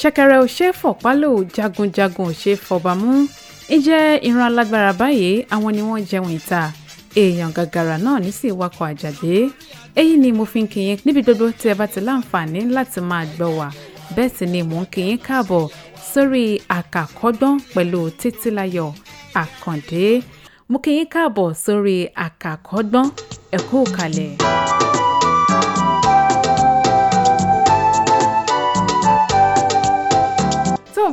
ṣẹ̀kẹ̀rẹ̀ ò ṣe é fọ̀pálò jagunjagun ò ṣe é fọbàmú ìjẹ́ ìran alágbára báyìí àwọn ni wọ́n jẹun ìta èèyàn gàgàrà náà ní sì wakọ̀ àjàgbé èyí ni mo fi ń kí yín níbi gbogbo tí ẹ bá ti láǹfààní láti máa gbọ́ wà bẹ́ẹ̀ sì ni mò ń kí yín káàbọ̀ sórí àkàkọ́gbọ́n pẹ̀lú títílayọ̀ àkàndé mo kí yín káàbọ̀ sórí àkàkọ́gbọ́n ẹ kú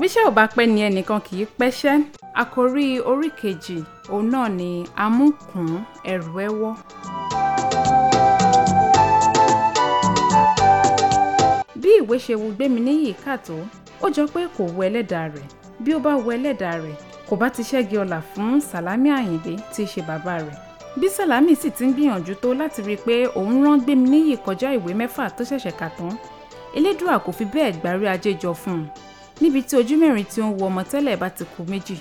bíṣẹ́ ò bá pẹ́ ni ẹnìkan kì í pẹ́ṣẹ́ àkòrí orí kejì òun náà ni amúkùn ẹrù ẹwọ́. bí ìwé ṣe wu Gbéminíyì kà tó ó jọ pé kò wu ẹlẹ́dàá rẹ̀ bí ó bá wu ẹlẹ́dàá rẹ̀ kò bá ti ṣẹ́gi ọlà fún Sàlámì Àyìndé tí í ṣe bàbá rẹ̀ bí Sàlámì sì ti ń gbìyànjú tó láti rí i pé òun rán Gbéminíyì kọjá ìwé mẹ́fà tó ṣẹ̀ṣẹ̀ kà tán Elédùà kò fi bẹ́ẹ̀ gbárí ajé jọ fún un níbi tí ojú mẹ́rin tí ó ń wo ọmọ tẹ́lẹ̀ bá ti kú méjì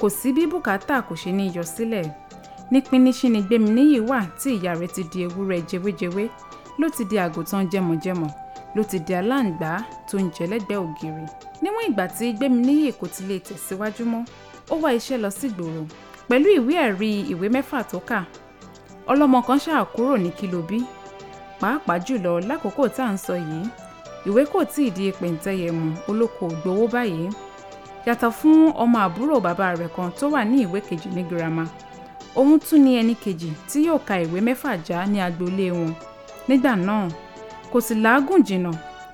kò sí bí bùkátà kò ṣe ní yọ sílẹ̀ ní píníṣín ni Gbéminíyì wà tí ìyá rẹ̀ ti di ewúrẹ́ jewéjewé ló ti di àgùntàn jẹmọ̀jẹmọ̀ ló ti di aláǹgbá tó ń jẹ lẹ́gbẹ̀ẹ́ ògiri níwọ̀n ìgbà tí Gbéminíyì kò ti lè tẹ̀síwájú mọ́ ó wá iṣẹ́ lọ sígboro pẹ̀lú ìwé ẹ̀rí ìwé mẹ́fà tó kà ọlọ́mọ kan ṣáà ní kìlóbí pàápàá jùlọ lákòókò tá à ń sọ yìí ìwé kò tí ì di pẹ̀ǹtẹ́yẹ mú olóko gbowó báyìí yàtọ̀ fún ọmọ àbúrò bàbá rẹ̀ kan tó wà ní ìwé kejì ní girama òun tún ní ẹni kejì tí yóò ka ìwé mẹ́fà já ní agboolé wọn nígbà náà kò sì làágùn jìnnà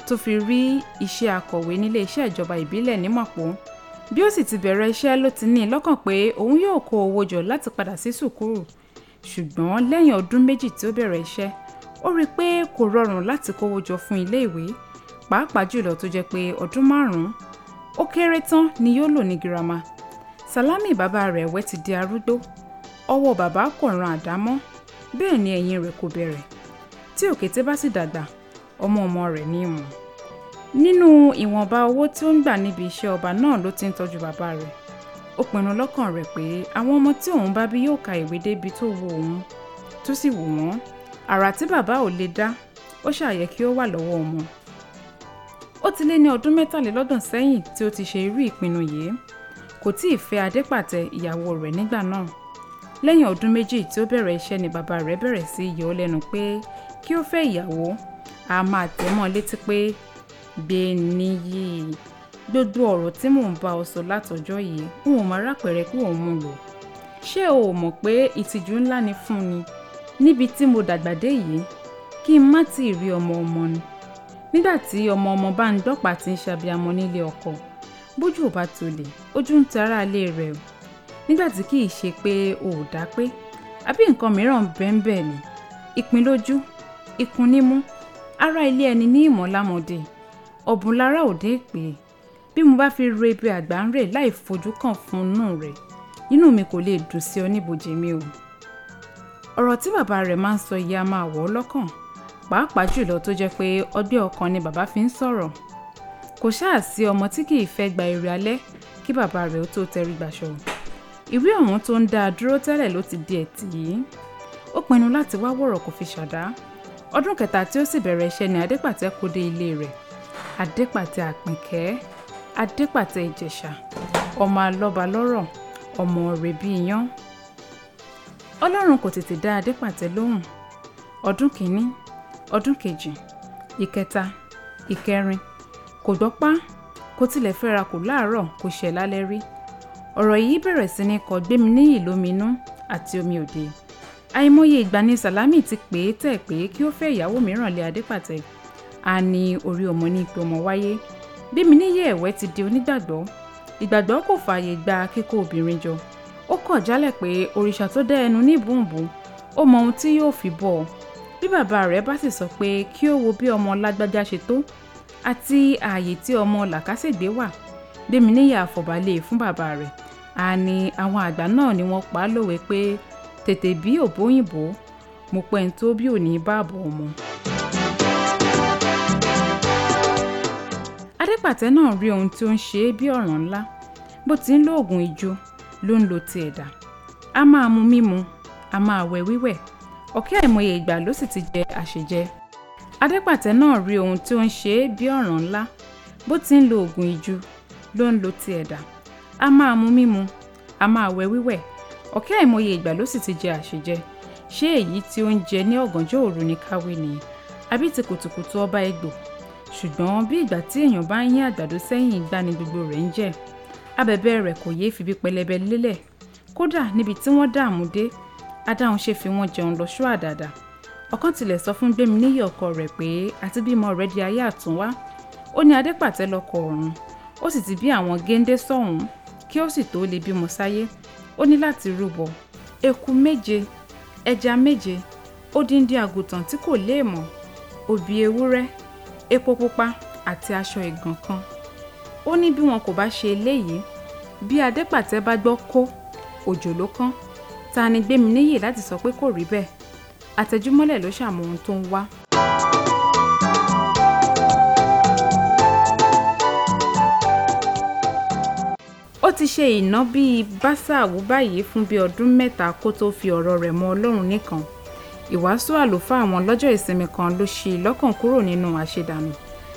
tó fi rí iṣẹ́ akọ̀wé nílé iṣẹ́ ìjọba ìbílẹ̀ ní Màpó bí ó sì ti bẹ̀rẹ̀ iṣẹ́ ló ti ní lọ́kàn pé òun yóò kó owó jọ láti padà sí sùkúrù ṣùgbọ́n lẹ́yìn ọdún méjì tí ó bẹ̀rẹ̀ iṣẹ́ ó rí i pé kò rọrùn láti kówó jọ fún ilé ìwé pàápàá jùlọ tó jẹ́ pé ọdún márùn-ún ó kéré tán ni yóò lò ní girama Salami bàbá rẹ̀ wẹ́ ti di arúgbó ọwọ́ bàbá kò ran àdá mọ́ bẹ́ẹ̀ ni ẹ̀yìn rẹ̀ kò bẹ̀rẹ̀ tí òkété bá sì dàgbà ọmọ ọmọ rẹ̀ ní ìmọ̀ nínú ìwọ̀nba owó tí ó ń gbà níbi iṣẹ́ ọba náà ló ti ń tọ́jú bàbá rẹ̀ ó pinnu lọ́kàn rẹ̀ pé àwọn ọmọ tí òun bá bí yóò ka ìwé débi tó wù òun tó sì wù wọ́n àrà tí bàbá ò lè dá ó ṣàyẹ kí ó wà lọ́wọ́ ọmọ ó ti lé ní ọdún mẹ́tàlélọ́gbọ̀n sẹ́yìn tí ó ti ṣe irú ìpinnu yìí kò tí ì fẹ́ adépàtẹ ìyàwó rẹ̀ nígbà náà lẹ́yìn ọdún méjì tí ó bẹ̀rẹ̀ iṣẹ́ ni bàbá rẹ̀ bẹ̀rẹ̀ sí yọ ọ́ lẹ́nu pé kí ó fẹ́ ìyàwó a máa tẹ̀ mọ́ létí pé gbé e níyì gbogbo ọ̀rọ̀ tí mò ń bá ọ sọ látọjọ́ yìí n ò máa rápẹ̀rẹ̀ kí òun mú lò ṣé o mọ̀ pé ìtìjú ńlá ni fún mi níbi tí mo dàgbà dé yìí kí n má tí rí ọmọ ọmọ ni nígbà tí ọmọ ọmọ bá ń dọ́pàá ti ń ṣàbíamọ nílé ọkọ bójú ò bá tolè ojú ń tara ilé rẹ o nígbà tí kì ṣe pé o ò dá pé àbí nǹkan mìíràn bẹ́ẹ̀nbẹ́ẹ̀ ni ìpín lójú ikùn nímú ara ilé ẹni ní ìmọ̀lámọ̀dé ọ̀bùn lára òde pè bí mo bá fi ro ibi àgbà ń rè láì fojú kàn fún inú rẹ̀ inú mi kò lè dùn sí oníbòjì mi o ọ̀rọ̀ tí bàbá rẹ̀ máa ń sọ yìí a máa wọ̀ ọ́ lọ́kàn pàápàá jùlọ tó jẹ́ pé ọgbẹ́ ọkàn ni bàbá fi ń sọ̀rọ̀ kò ṣáà sí ọmọ tí kì í fẹ́ gba eré alẹ́ kí bàbá rẹ̀ ó tó tẹrí gbàṣọ ìwé ọ̀hún tó ń dá a dúró tẹ́lẹ̀ ló ti di ẹ̀tì yìí ó pinnu láti wá wọ̀rọ̀ kò fi ṣàdá ọdún kẹta tí ó sì bẹ̀rẹ̀ iṣẹ́ ni adépàtẹ kó dé ilé rẹ̀ adépàtẹ àpìnkẹ́ adépàtẹ ìjẹ̀ṣà ọmọ alọ́ba lọ́rọ̀ ọmọ rẹ̀ bí iyán ọlọ́run kò tètè dá adépàtẹ lóhùn ọdún kìíní ọdún kejì ìkẹta ìkẹrin kò gbọ́pá kó tilẹ̀ fẹ́ra kù láàárọ̀ kó ṣẹ̀ lálẹ́ rí ọ̀rọ̀ yìí bẹ̀rẹ̀ sí ní kọ Gbéminíyì lóminú àti omi òde àìmọye ìgbà ni Sàlámì ti pè é tẹ̀ pé kí ó fẹ́ ìyàwó mìíràn lé Adépàtẹ a ní orí ọmọ ní ipò ọmọ wáyé Gbéminíyì ẹ̀wẹ́ ti di onígbàgbọ́ ìgbàgbọ́ kò fààyè gba kíkó obìnrin jọ ó kọ̀ jálẹ̀ pé òrìṣà tó dá ẹnu ní ìbùnbùn ó mọ ohun tí yóò fi bọ́ ọ bí bàbá rẹ̀ bá sì sọ pé kí ó wo bí ọmọ lágbájá ṣe tó àti ààyè tí ọmọ làkàṣègbè wà gbéminíyà àfọ̀bálẹ̀ fún bàbá rẹ̀ a ní àwọn àgbà náà ni wọ́n pa á lówe pé tètè bí òbóyìnbó mo pẹ́ ń tó bí òní báàbò ọmọ. adépàtẹ náà rí ohun tí ó ń ṣe é bí ọ̀ràn ńlá bó ti ń lo oògùn ijó ló ń lo ti ẹ̀dá a máa mu mímu a máa wẹ̀ wíwẹ̀ ọ̀kẹ́ àìmọye ìgbà ló sì ti jẹ àṣejẹ adépàtẹ náà rí ohun tí ó ń ṣe é bí ọ̀ràn ńlá bó ti ń lo oògùn ìju ló ń lo ti ẹ̀dà a máa mu mímu a máa wẹ wíwẹ̀ ọ̀kẹ́ àìmọye ìgbà ló sì ti jẹ àṣejẹ ṣé èyí tí ó ń jẹ ní ọ̀gànjọ́ òru ni káwé nìyí àbí ti kùtùkùtù ọba egbò ṣùgbọ́n bí ìgbà tí èèyàn bá ń yín àgbàdo sẹ́yìn ìgbà ni gbogbo rẹ̀ ń jẹ́ abẹ̀bẹ̀ rẹ̀ kò yéé fi bí pẹlẹbẹ lélẹ̀ kódà níbi tí wọ́n dààmú dé adáhùn ṣe fi wọ́n jẹun lọ́ṣọ́ àdàdà ọ̀kan tilẹ̀ sọ fún gbẹ̀mí níyì ọkọ rẹ̀ pé àti bímọ rẹ̀ di ayé àtúnwá ó ní adépàtẹ lọkọ ọ̀run ó sì ti bí àwọn géńdé sọ̀hún kí ó sì tó lè bímọ sáyé ó ní láti rúbọ eku méje ẹja méje odindi àgùntàn tí kò léèmọ̀ òbí ewúrẹ́ epo pupa àti aṣọ ìgàn kan ó ní bí wọn kò bá ṣe eléyìí bí adépàtẹ bá gbọ́ kó òjò ló kán ta ni Gbéminíyì láti sọ pé kò rí bẹ́ẹ̀ àtẹjúmọ́lẹ̀ ló ṣàmọ ohun tó ń wá. ó ti ṣe ìná bíi báṣáàwù báyìí fún bíi ọdún mẹ́ta kó tó fi ọ̀rọ̀ rẹ̀ mọ Ọlọ́run nìkan ìwàásù àlùfáà àwọn lọ́jọ́ ìsinmi kan ló ṣí lọ́kàn kúrò nínú àṣedànù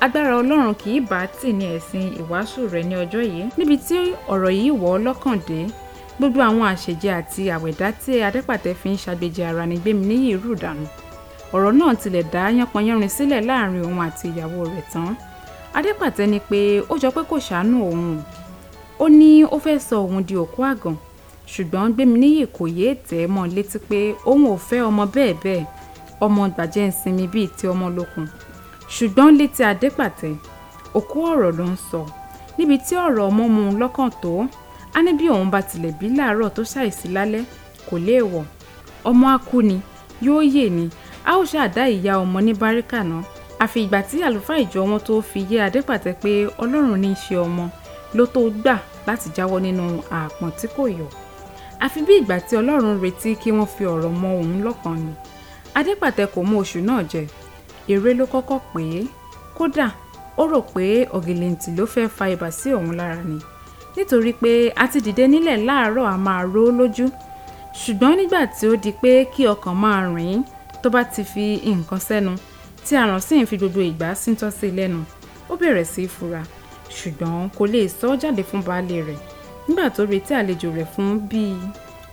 agbára Ọlọ́run kì í bá tì ní ẹ̀sìn ìwàásù rẹ̀ ní ọjọ́ yìí níbi tí ọ̀rọ̀ yìí wọ̀ ọ́ lọ́kàn dé gbogbo àwọn àṣejẹ àti àwẹ̀dá tí adẹ́pàtẹ́ fi ń ṣàgbéjì ara ni Gbéminíyì rù dànù ọ̀rọ̀ náà tilẹ̀ dá yánpọnyánrin sílẹ̀ láàrin òun àti ìyàwó rẹ̀ tán adẹ́pàtẹ́ ni pé ó jọ pé kò ṣàánú òun ó ní ó fẹ́ sọ òun di òkú àgàn ṣùgbọ́n Gbéminíyì kò yéé tẹ̀ ẹ́ mọ́ létí pé òun ò fẹ́ ọmọ bẹ́ẹ̀ bẹ́ẹ̀ ọmọ gbàjẹ́ ìsinmi bíi ti ọmọ lókun ṣùgbọ́n létí adẹ́pàtẹ́ òkú ọ̀rọ̀ á ní bí òun bá tilẹ̀ bí láàárọ̀ tó ṣàìsí lálẹ́ kò léèwọ̀ ọmọ á kú ni yóò yè ni a ó ṣàdá ìyá ọmọ ní báríkà náà àfi ìgbà tí àlùfáà ìjọ wọn tó fi yé adépàtẹ pé ọlọ́run ní í ṣe ọmọ ló tó gbà láti jáwọ́ nínú àpọ̀n tí kò yọ àfi bí ìgbà tí ọlọ́run retí kí wọ́n fi ọ̀rọ̀ mọ òun lọ́kàn ni adépàtẹ kò mú oṣù náà jẹ èrè ló kọ́kọ́ pè é kódà ó rò pé ọ̀gìlìǹtì ló fẹ́ fa ibà sí òun lára ni nítorí pé a ti dìde nílẹ̀ láàárọ̀ a máa ró lójú ṣùgbọ́n nígbà tí ó di pé kí ọkàn máa rìn tó bá ti fi nǹkan sẹ́nu tí àrùn sì ń fi gbogbo ìgbà síntọ́ sí i lẹ́nu ó bẹ̀rẹ̀ sí í fura ṣùgbọ́n kò lè sọ ọ́ jáde fún baálé rẹ̀ nígbà tó retí àlejò rẹ̀ fún bíi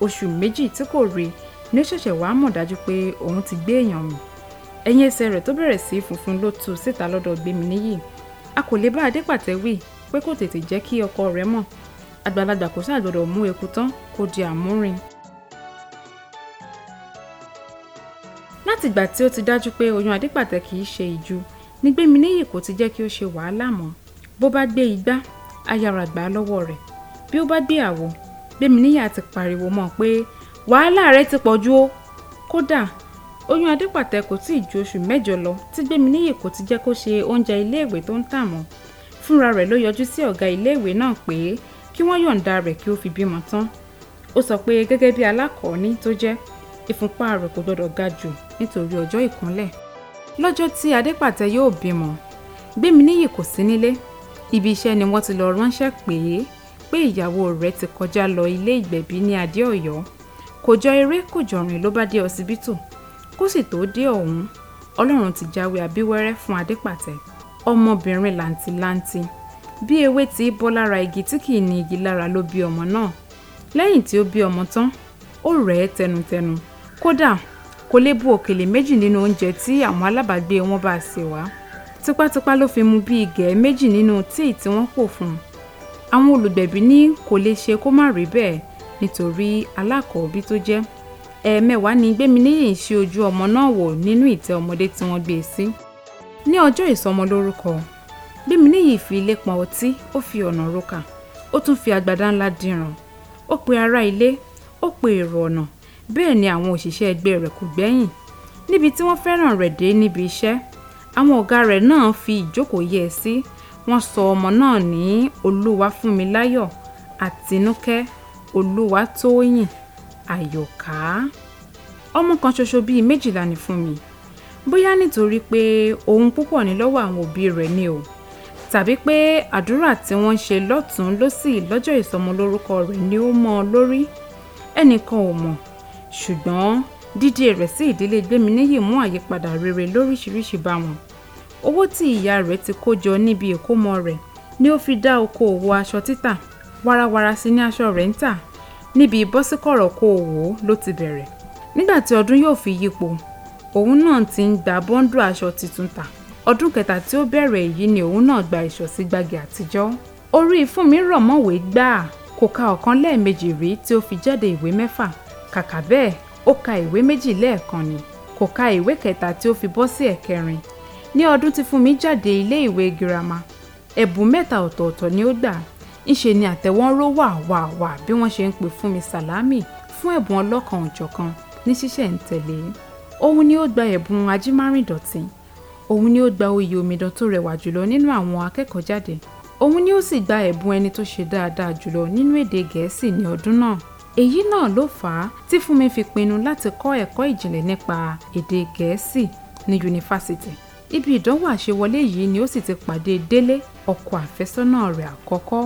oṣù méjì tí kò rí ni ṣẹ̀ṣẹ̀ wàá mọ̀ dájú pé òun ti gbé èèyàn mì ẹ̀yìn ẹsẹ̀ rẹ̀ tó bẹ̀rẹ̀ sí funfun ló tú síta lọ́dọ̀ Gbéminíyì a kò lè bá adé pàtẹ́wì pé kò tètè jẹ́ kí ọkọ rẹ̀ mọ̀ àgbàlagbà kò sáà gbọdọ̀ mú eku tán kó di àmúrin. látìgbà tí ó ti dájú pé oyún adípàtẹ kì í ṣe ìju ní Gbéminíyì kò ti jẹ́ kí ó ṣe wàhálà mọ́ bó bá gbé igbá á yára gbà á lọ́wọ́ rẹ̀ bí ó bá gbé àwo Gbéminíyì á ti pariwo mọ́ pé wàhálà rẹ ti pọ̀ ju ó kódà oyún adípàtẹ kò tí ì ju oṣù mẹ́jọ lọ tí Gbéminíyì kò ti jẹ́ kó ṣe oúnjẹ iléèwé tó ń tà mọ́ fúnra rẹ̀ ló yọjú sí ọ̀gá iléèwé náà pé kí wọ́n yọ̀ǹda rẹ̀ kí ó fi bímọ tán ó sọ pé gẹ́gẹ́ bí alákọ̀ọ́ní tó jẹ́ ìfúnpá rẹ̀ kò gbọdọ̀ ga jù nítorí ọjọ́ ìkúnlẹ̀ lọ́jọ́ tí adépàtẹ yóò bímọ gbéminíyì kò sí nílé ibi iṣẹ́ ni wọ́n ti lọ ránṣẹ́ pé pé ìyàwó rẹ̀ ti kọjá lọ ilé ìgbẹ̀bí ní adé ọ̀yọ́ kò jọ eré kò jọ̀rìn ló bá dé ọsibítù kó sì tóó dé ọ̀hún ọlọ́run ti jáwé abíwẹ́rẹ́ fún adépàtẹ ọmọbìnrin làǹtìlanti bí ewé tí í bọ́ lára igi tí kìí ní igi lára ló bí ọmọ náà lẹ́yìn tí ó bí ọmọ tán ó rẹ̀ ẹ́ tẹnutẹnu kódà kò lè bu òkèlè méjì nínú oúnjẹ tí àwọn alábàágbé wọn bá sè wá tipátipá ló fi mu bí igẹ̀ méjì nínú tíì tí wọ́n pò fún un àwọn olùgbẹ̀bí ní kò lè ṣe kó má rí bẹ́ẹ̀ nítorí alákọ̀ọ́bí tó jẹ́ ẹ̀ẹ̀mẹwàá ni gbéminíyì ń ṣe ojú ọmọ náà wò nínú ìtẹ́ ọmọdé tí wọ́n gbé e sí. Si ní ọjọ́ ìsọmọlórúkọ gbéminíyì fi ilé pọn ọtí ó fi ọ̀nà rokà ó tún fi agbádá ńlá dìran ó pe ará ilé ó pe èrò ọ̀nà bẹ́ẹ̀ ni àwọn òṣìṣẹ́ ẹgbẹ́ rẹ̀ kò gbẹ́yìn níbi tí wọ́n fẹ́ràn rẹ̀ dé níbi iṣẹ́ àwọn ọ̀gá rẹ̀ náà fi ìjókòó yẹ ẹ sí wọ́n sọ ọmọ náà ní olúwafúnmiláyọ̀ àtinúkẹ́ olúwatóyìn àyọ̀ká ọmọ kan ṣoṣo bíi méjìlá ni fún mi bóyá nítorí pé ohun púpọ̀ ní lọ́wọ́ àwọn òbí rẹ̀ ni o tàbí pé àdúrà tí wọ́n ṣe lọ́tún lọ́sì lọ́jọ́ ìsọmọlórúkọ rẹ̀ ni ó mọ́ ọ lórí ẹnìkan ò mọ̀ ṣùgbọ́n dídé rẹ̀ sí ìdílé Gbéminíyì mú àyípadà rere lóríṣiríṣi bá wọn owó tí ìyá rẹ̀ ti kó jọ níbi ìkómọ rẹ̀ ni ó fi dá okòòwò aṣọ títà warawara sí ní aṣọ rẹ̀ ń tà níbi bọ́síkọ̀rọ̀ kó o wò ó ló ti bẹ̀rẹ̀ nígbà tí ọdún yóò fi yípo òun náà ti ń gba bọ́ńdù aṣọ tuntun tà ọdún kẹta tí ó bẹ̀rẹ̀ èyí ni òun náà gba ìṣọ̀sí gbági àtijọ́ orí fún mi rọ̀ mọ́wé gbáà kò ka ọ̀kan lẹ́ẹ̀mejì rí tí ó fi jáde ìwé mẹ́fà kàkà bẹ́ẹ̀ ó ka ìwé méjì lẹ́ẹ̀kan ni kò ka ìwé kẹta tí ó fi bọ́ sí ẹ̀kẹrin ní ọdún tí Fúnmi jáde ilé ìwé girama ẹ̀bùn mẹ́ta ọ̀tọ̀ọ̀tọ̀ ni ó gbà ńṣe ni àtẹ̀wọ́n ró wà wà wà bí wọ́n ṣe ń pè Fúnmi Sàlámì fún ẹ̀bùn ọlọ́kan-ò-jọ̀kan ní ṣísẹ̀ntẹ̀lé òun ni ó gba ẹ̀bùn ajímárìndọ̀tí òun ni ó gba oyè omidan tó rẹwà jùlọ nínú àwọn akẹ́kọ̀ọ́ jáde òun ni ó sì gba ẹ̀bùn ẹni tó ṣe dáadáa jùlọ nínú èdè gẹ̀ẹ́sì ní ọdún náà èyí náà ló fà á tí Fúnmi fi pinnu láti kọ́ ẹ̀kọ́ ìjìnlẹ̀ nípa èdè gẹ̀ẹ́sì ní yunifásitì ibi ìdánwò àṣewọlé yìí ni ó sì ti pàdé Délé ọkọ àfẹ́sọ́nà rẹ̀ àkọ́kọ́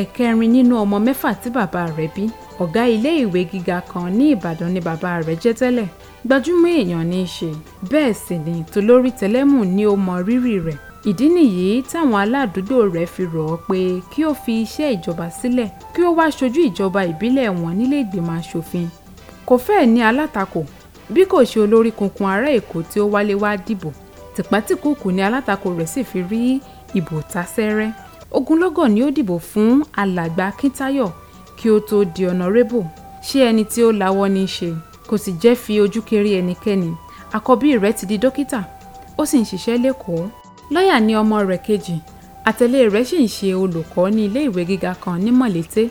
ẹ̀kẹrin nínú ọmọ mẹ́fà tí bàbá rẹ̀ bí ọ̀gá ilé-ìwé gíga kan ní Ìbàdàn ni bàbá rẹ̀ jẹ́ tẹ́lẹ̀ gbajúmọ̀ èèyàn ní í ṣe bẹ́ẹ̀ sì ni tolórí tẹlẹ́mù ni ó mọ rírì rẹ̀ ìdí nìyí táwọn aládùúgbò rẹ̀ fi rọ̀ ọ́ pé kí ó fi iṣẹ́ ìjọba sílẹ̀ kí ó wá ṣojú ìjọba ìbílẹ̀ wọn nílé ìgbìmọ̀ asòfin kò fẹ́ẹ̀ ní alátakò bí kò ṣe olórí kunkun ará èkó tí ó wálé wá dìbò tìpátìkùkù ni alátakò rẹ̀ sì fi rí ìbò tasẹ́rẹ́ ogunlọ́gọ̀ ni ó dìbò fún alàgbà akíntayọ̀ kí ó tóó di ọ̀nàrẹ́bù ṣé ẹni tí ó lawọ́ ní í ṣe kò sì jẹ́ fi ojú kéré ẹnikẹ́ni àkọ́bí rẹ̀ ti di dókítà ó sì ń ṣiṣẹ́ lẹ́kọ̀ọ́ lọ́ọ̀yà ni ọmọ rẹ̀ kejì àtẹ̀lé rẹ̀ sì ń ṣe olùkọ́ ní ilé ìwé gíga kan ní mọ̀lété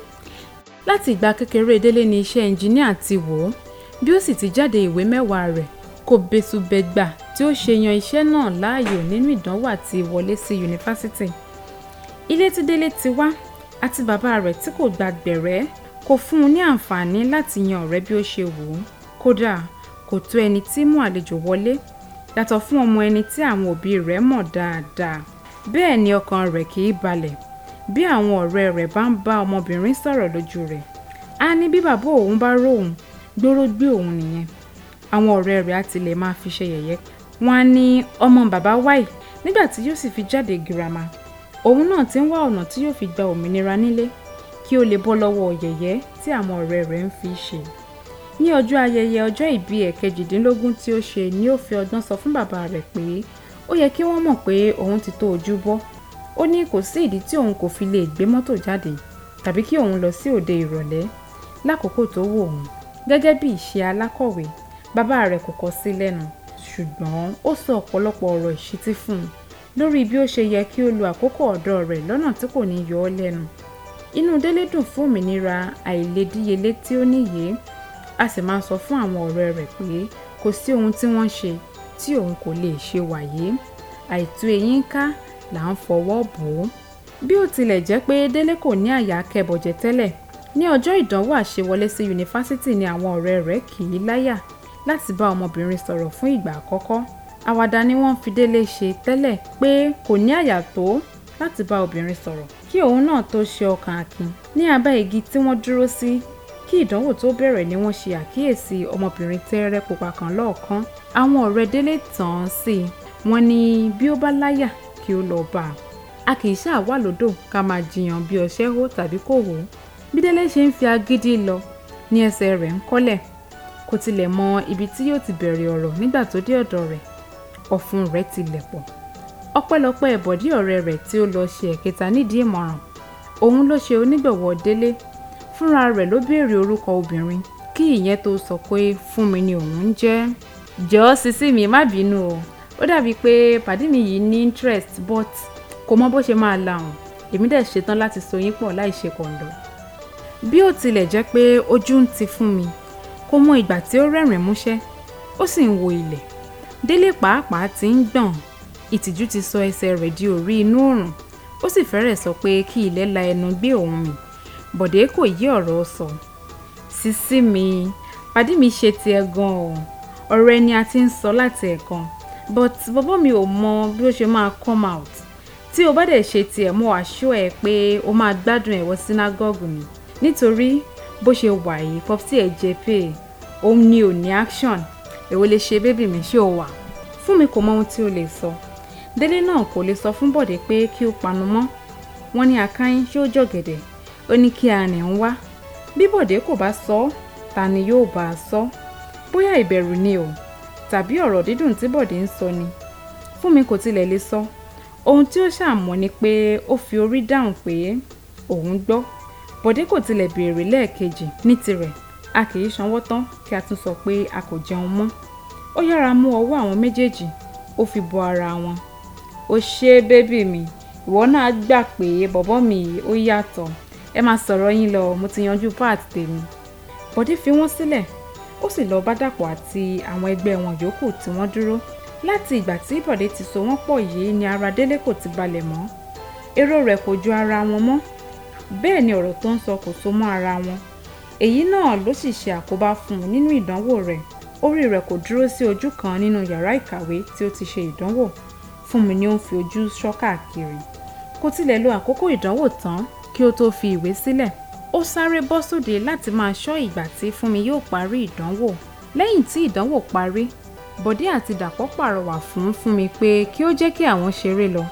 láti ìgbà kékeré délé ni iṣẹ́ ẹnjìníà ti wọ̀ ọ́ bí ó sì ti jáde ìwé mẹ́wàá rẹ̀ kò bẹ́sùbẹ́gbà tí ó ṣe yan iṣẹ́ náà láàyò nínú ìdánwò àti ìwọlé sí yunifásitì ilé tí délé ti wá àti bàbá rẹ̀ tí kò gba gbẹ̀rẹ́ kò fún un ní àǹfààní láti yan ọ̀rẹ́ bí ó ṣe wù ú kódà kò tó ẹni tí mú àlejò wọlé yàtọ̀ fún ọmọ ẹni tí àwọn òbí rẹ̀ mọ̀ dáadáa bẹ́ẹ̀ ni ọkàn rẹ̀ kì í balẹ̀ bí àwọn ọ̀rẹ́ rẹ̀ bá ń bá ọmọbìnrin sọ̀rọ̀ lójú rẹ̀ á ní bí bàbá òun bá róhùn gbóró gbé òun nìyẹn àwọn ọ̀rẹ́ rẹ̀ á tilẹ̀ máa fi ṣe yẹ̀yẹ́ wọn á ní ọmọ bàbá wáì nígbà tí yóò sì fi jáde girama òun náà ti ń wá ọ̀nà tí yóò fi gba òmìnira nílé kí ó lè bọ́ lọ́wọ́ yẹ̀yẹ́ tí àwọn ọ̀rẹ́ rẹ̀ ń fi ṣe. ní ọjọ́ ayẹyẹ ọjọ́ ìbí ẹ̀ kejìdínlógún tí ó ṣe ni ó fi ọgbọ́n sọ fún bàbá rẹ̀ pé ó yẹ kí wọ́n mọ̀ pé òun ti tó ojú bọ́ ó ní kò sí ìdí tí òun kò fi lè gbé mọ́tò jáde tàbí kí òun lọ sí òde ìrọ̀lẹ́ lákòókò tó wù òun gẹ́gẹ́ bí ìṣe alákọ̀wé bàbá rẹ̀ kò kọ sí lẹ́nu ṣùgbọ́n ó sọ ọ̀pọ̀lọpọ̀ ọ̀rọ̀ ìṣítí fún un lórí bí ó ṣe yẹ kí ó lo àkókò ọ̀dọ́ rẹ̀ lọ́nà tí kò ní yọ ọ́ lẹ́nu. inú Délé dùn fún òmìnira àìledíyelé tí ó níyè a sì máa ń sọ fún àwọn ọ̀rẹ́ rẹ̀ pé kò sí ohun tí wọ́n ṣe tí òun kò lè ṣe wàyé àìtú eyín ká là ń fọwọ́ bò ó. bí ó tilẹ̀ jẹ́ pé Délé kò ní àyà akẹ́bọ̀jẹ̀ tẹ́lẹ̀ ní ọjọ́ ìdánwò àṣewọlé sí yunifásítì ni àwọn ọ̀rẹ́ rẹ̀ kì í láyà láti bá ọmọbìnrin sọ̀rọ̀ fún ìgbà àkọ́kọ́ àwàdà ni wọ́n fi délé ṣe tẹ́lẹ̀ pé kò ní àyà tó láti bá obìnrin sọ̀rọ̀ kí òun náà tó ṣe ọkàn akin ní abẹ́ igi tí wọ́n dúró sí kí ìdánwò tó bẹ̀rẹ̀ ni wọ́n ṣe àkíyèsí ọmọbìnrin tẹ́ẹ́rẹ́ pupa kan lọ́ọ̀kan àwọn ọ̀rẹ́ délé tàn án sí i wọ́n ní bí ó bá láyà kí ó lọ bá a a kì í ṣáà wà lódò ká máa jiyàn bí ọṣẹ hó tàbí kò hó bí délé ṣe ń fi agídí lọ ní ẹsẹ̀ rẹ̀ ń kọ́lẹ̀ kò tilẹ̀ mọ ibi tí yóò ti bẹ̀rẹ̀ ọ̀rọ̀ nígbà tó dé ọ̀dọ̀ rẹ̀ ọ̀fun rẹ̀ tilẹ̀ pọ̀ ọpẹ́lọpẹ́ ìbọ̀dí ọ̀rẹ́ rẹ̀ tí ó lọ ṣe ẹ̀kẹta nídìí ìmọ̀ràn òun ló ṣe onígbọ̀wọ́ délé fúnra rẹ̀ ló béèrè orúkọ obìnrin kí ìyẹn tó sọ pé fún mi ni òun ń jẹ́ jọ̀ọ́ sísí mi má bínú o ó dàbíi pé pàdé mi yìí ní interest but kò mọ bó ṣe máa la hàn èmi dẹ̀ ṣetán láti so yín pọ̀ láì ṣe kọ̀ǹdọ̀ bí ó tilẹ̀ jẹ́ pé ojú ń ti fún mi kò mọ ìgbà tí ó rẹ́rìn músẹ́ ó sì ń wo ilẹ̀ délé pàápàá ti ń gbọ̀n ìtìjú ti sọ ẹsẹ̀ rẹ̀ di òrí inú òrùn ó sì fẹ́rẹ̀ sọ pé kí ilẹ̀ la ẹnu gbé òun mì bọ̀dé kò yí ọ̀rọ̀ sọ sísí mi pàdí mi ṣe tiẹ̀ gan o ọ̀rọ̀ ẹni a ti ń sọ láti ẹ̀kan but bọ́bọ́ mi ò mọ bí ó ṣe máa come out tí o bá dẹ̀ ṣe tiẹ̀ mo àṣọ ẹ̀ pé o máa gbádùn ẹ̀wọ̀ sínágọ́gù mi nítorí bó ṣe wà yìí popsi ẹ̀ jẹ́ pé òun ni ò ní action èwo lè ṣe bébì mi ṣé o wà. fún mi kò mọ ohun tí o lè sọ délé náà kò lè sọ fún bọ̀dé pé kí o panu mọ́ wọn ní akáyín ṣé ó jọ̀gẹ̀dẹ̀ ó ní kí a rìn ń wá bí bọ̀dé kò bá sọ ọ́ ta ni yóò bá a sọ bóyá ìbẹ̀rù ni o tàbí ọ̀rọ̀ dídùn tí bọ̀dé ń sọ ni fún mi kò tilẹ̀ lè sọ ohun tí ó ṣàmọ́ ni pé ó fi orí dáhùn pé òun gbọ́ bọ̀dé kò tilẹ̀ béèrè lẹ́ẹ̀kejì ní tirẹ̀ a kì í sanwó tán kí a tún sọ pé a kò jẹun mọ́ ó yára mú ọwọ́ àwọn méjèèjì ó fi bo ara wọn ó ṣe bébì mi ìwọ náà gbà pé bọ̀bọ́ mi yìí ó yàtọ̀ ẹ máa sọ̀rọ̀ yín lọ mo ti yanjú part tèmi bọ̀dé fi wọ́n sílẹ̀ ó sì lọ bá dàpọ̀ àti àwọn ẹgbẹ́ wọn yòókù tí wọ́n dúró láti ìgbà tí bọ̀dé ti so wọ́n pọ̀ yìí ni ara délé kò ti balẹ̀ mọ́ èrò rẹ̀ kò ju ara wọn mọ́ bẹ́ẹ̀ ni ọ̀rọ̀ tó ń sọ kò so mọ́ ara wọn èyí náà ló sì ṣe àkóbá fún un nínú ìdánwò rẹ̀ orí rẹ̀ kò dúró sí ojú kan nínú yàrá ìkàwé tí ó ti ṣe ìdánwò Fúnmi ni ó ń fi ojú ṣọ́ káàkiri kò tilẹ̀ lo àkókò ìdánwò tán kí ó tó fi ìwé sílẹ̀ ó sáré bọ́ sóde láti máa ṣọ́ ìgbà tí Fúnmi yóò parí ìdánwò lẹ́yìn tí ìdánwò parí Bọ̀dé àti Dàpọ̀ pàrọwà fún Fúnmi pé kí ó jẹ́ kí àwọn ṣeré lọ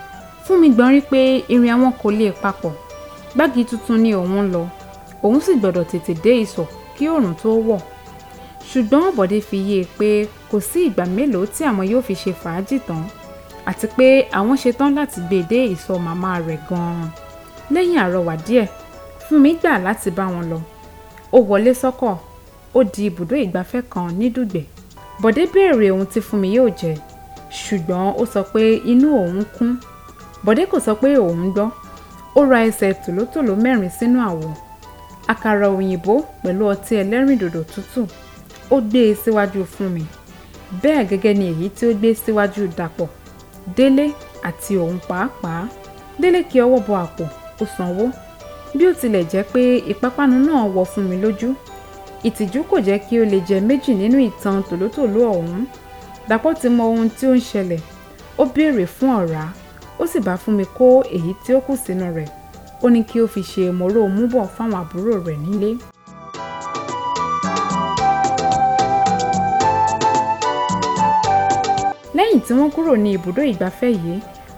Fúnmi gbọ́n rí pé irin àwọn kò lè papọ̀ gbági tuntun ni òun lọ òun sì gbọ́dọ̀ tètè dé ìsọ̀ kí oòrùn tó wọ̀ ṣùgbọ́n Bọ̀dé fi yé e pé kò sí ìgbà mélòó tí àwọn yóò fi ṣe fàájì tán àti pé àwọn ṣetán láti gbé e dé ìsọ̀ màmá rẹ̀ gan-an lẹ́yìn àrọwà díẹ̀ Fúnmi gbà láti bá wọn lọ ó wọlé sọ́kọ̀ ó di ibùdó ìgbafẹ́ kan ní Dùgbẹ̀ Bọ̀dé béèrè ohun tí Fúnmi yóò jẹ ṣùgbọ́n ó sọ pé inú òun kún Bọ̀dé kò sọ pé òun gbọ́ ó ra ẹsẹ̀ tòlótòló mẹ́rin sínú àwo Akara òyìnbó pẹ̀lú ọtí ẹlẹ́rìndòdò tútù ó gbé e síwájú fún mi bẹ́ẹ̀ gẹ́gẹ́ ni èyí tí ó gbé e síwájú dàpọ̀ délé àti òun pàápàá délé kí ọwọ́ bọ àpò ó sanwó bí ó tilẹ̀ jẹ́ pé ìpápánu náà wọ̀ fún mi lójú ìtìjú kò jẹ́ kí ó lè jẹ méjì nínú ìtàn tòlótòló ọ̀hún dàpọ̀ ti mọ ohun tí ó ń ṣẹlẹ̀ ó béèrè fún ọ̀rá ó sì bá fún mi kó èyí tí ó kù sínú rẹ̀ ó ní kí ó fi ṣe mòró múbọ̀ fáwọn àbúrò rẹ̀ nílé. lẹ́yìn tí wọ́n kúrò ní ibùdó ìgbafẹ́ yìí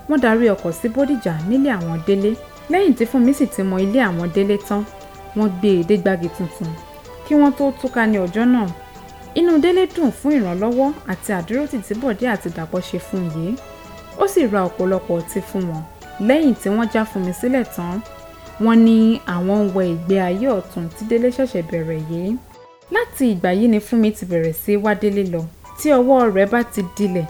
wọ́n darí ọkọ̀ sí bódìjà nílé àwọn délé lẹ́yìn tí fúnmi sì ti mọ ilé àwọn délé tán wọ́n gbé e dé gbági tuntun kí wọ́n tó túká ní ọjọ́ náà inú délé dùn fún ìrànlọ́wọ́ àti àdúrótì tí bọ̀dé àti dàpọ̀ ṣe fún yìí ó sì ra ọ̀pọ̀lọpọ̀ ọtí fún wọn lẹ́yìn tí wọ́n já fún mi sílẹ̀ tán wọ́n ní àwọn ń wọ ìgbé ayé ọ̀tún tí délé ṣẹ̀ṣẹ̀ bẹ̀rẹ̀ yìí láti ìgbà yìí ni Fúnmi ti bẹ̀rẹ̀ sí wá délé lọ tí ọwọ́ rẹ̀ bá ti dilẹ̀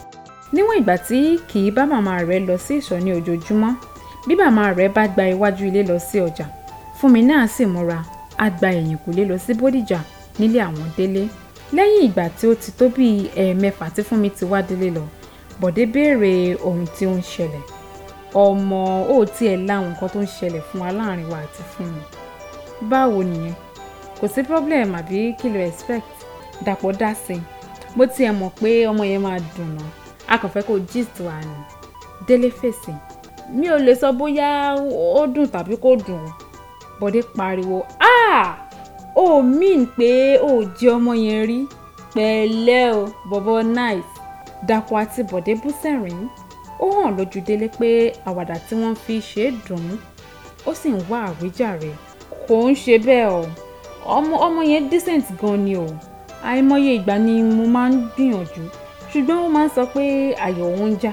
níwọ̀n ìgbà tí kì í bá màmá rẹ̀ lọ sí ìsọ̀ ní ojoojúmọ́ bí màmá rẹ̀ bá gba iwájú ilé lọ sí ọjà Fúnmi náà sì múra á gba ẹ̀yìnkùlé lọ sí Bódìjà nílé àwọn délé lẹ́yìn ìgbà tí ó ti tó bíi ẹ̀ẹ̀mẹfà tí Fúnmi ti wá délé lọ Bọ̀dé béèrè ohun tí ó ń ṣẹlẹ̀ ọmọ ó tiẹ̀ láwọn nǹkan tó ń ṣẹlẹ̀ fún wa láàrin wa àti fún mi báwo nìyẹn kò sí problem àbí kí lo expect dàpọ̀ dá sí i mo tiẹ̀ mọ̀ pé ọmọ yẹn máa dùn ná a kàn fẹ́ kó gist wa ni délé fèsì mi ò lè sọ bóyá ó dùn tàbí kò dùn bọ́dé pariwo ah ó mean pé ó jẹ ọmọ yẹn rí pẹ̀lẹ́ o bọ̀bọ̀ nice dàpọ̀ àti bọ̀dé bú sẹ́rìn ó hàn lójú délé pé àwàdà tí wọ́n fi ṣe é dùn ún ó sì ń wá àwíjàre kò ń ṣe bẹ́ẹ̀ o ọmọ ọmọ yẹn decent gan ni o àìmọye ìgbà ni mo máa ń gbìyànjú ṣùgbọ́n ó máa ń sọ pé àyọ̀ òun ń já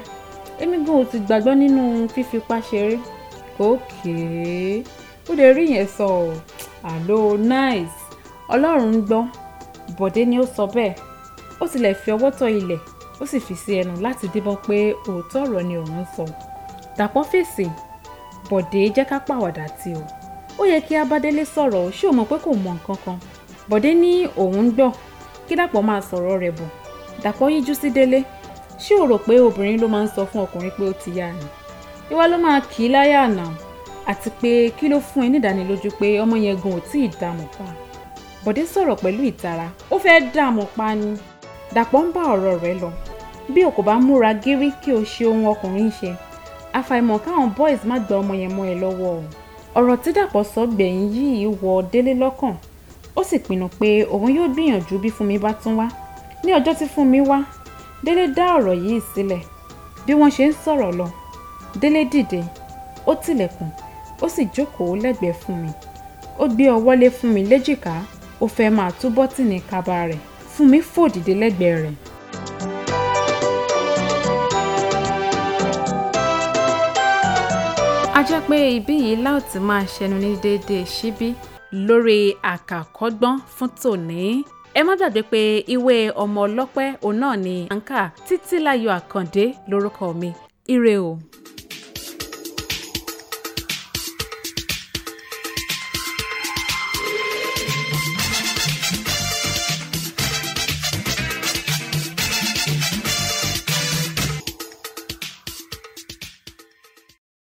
èmi gan ò ti gbàgbọ́ nínú fífipá ṣeré òkè ó lè rí yẹn sọ ọ àló nice ọlọ́run ń gbọ́ bọ̀dé ni ó sọ bẹ́ẹ̀ ó tilẹ̀ fi ọwọ́ tọ́ ilẹ̀ ó sì fi sí ẹnu láti díbọ́n pé òótọ́ ọ̀rọ̀ ni òun ń sọ Dàpọ̀ fèsì Bọ̀dé jẹ́ ká pàwàdà tí o ó yẹ kí Abádélé sọ̀rọ̀ ṣé o mọ̀ pé kò mọ nǹkan kan Bọ̀dé ní òun ń gbọ́ kí Dàpọ̀ máa sọ̀rọ̀ rẹ̀ bọ̀ Dàpọ̀ yíjú sí Délé ṣé o rò pé obìnrin ló máa ń sọ fún ọkùnrin pé ó ti yá ni ìwà ló máa kì í láyà àná àti pé kí ló fún ẹ nídánilójú pé ọmọ yẹn gan ò tí ì dààmú pa Bọ̀dé sọ̀rọ̀ pẹ̀lú ìtara ó fẹ́ dààmú pa ni. Dàpọ̀ ń bá ọ̀rọ̀ rẹ̀ lọ bí o kò bá múra gírí kí o ṣe ohun ọkùnrin ń ṣe àfàìmọ̀ káwọn boys má gba ọmọ yẹn mọ́ ẹ lọ́wọ́ o ọ̀rọ̀ tí Dàpọ̀ sọ gbẹ̀yìn yìí wọ Délé lọ́kàn ó sì pinnu pé òun yóò gbìyànjú bí Fúnmi bá tún wá ní ọjọ́ tí Fúnmi wá Délé dá ọ̀rọ̀ yìí sílẹ̀ bí wọ́n ṣe ń sọ̀rọ̀ lọ Délé dìde ó tilẹ̀kùn ó sì jókòó lẹ́gbẹ̀ẹ́ Fúnmi ó gbé ọwọ́ lé Fúnmi léjìká ó fẹ́ máa tú bọ́tìnì kaba rẹ̀ Fúnmi fò dìde lẹ́gbẹ̀ẹ́ rẹ̀ a jẹ́ pé ibí yìí láò ti máa ṣẹnu ní déédéé síbí lórí àkàkọ́gbọ́n fún tòní ẹ má gbàgbé pé ìwé ọmọ ọlọ́pẹ́ òun náà ni à ń kà Àkàndé lórúkọ mi ire o.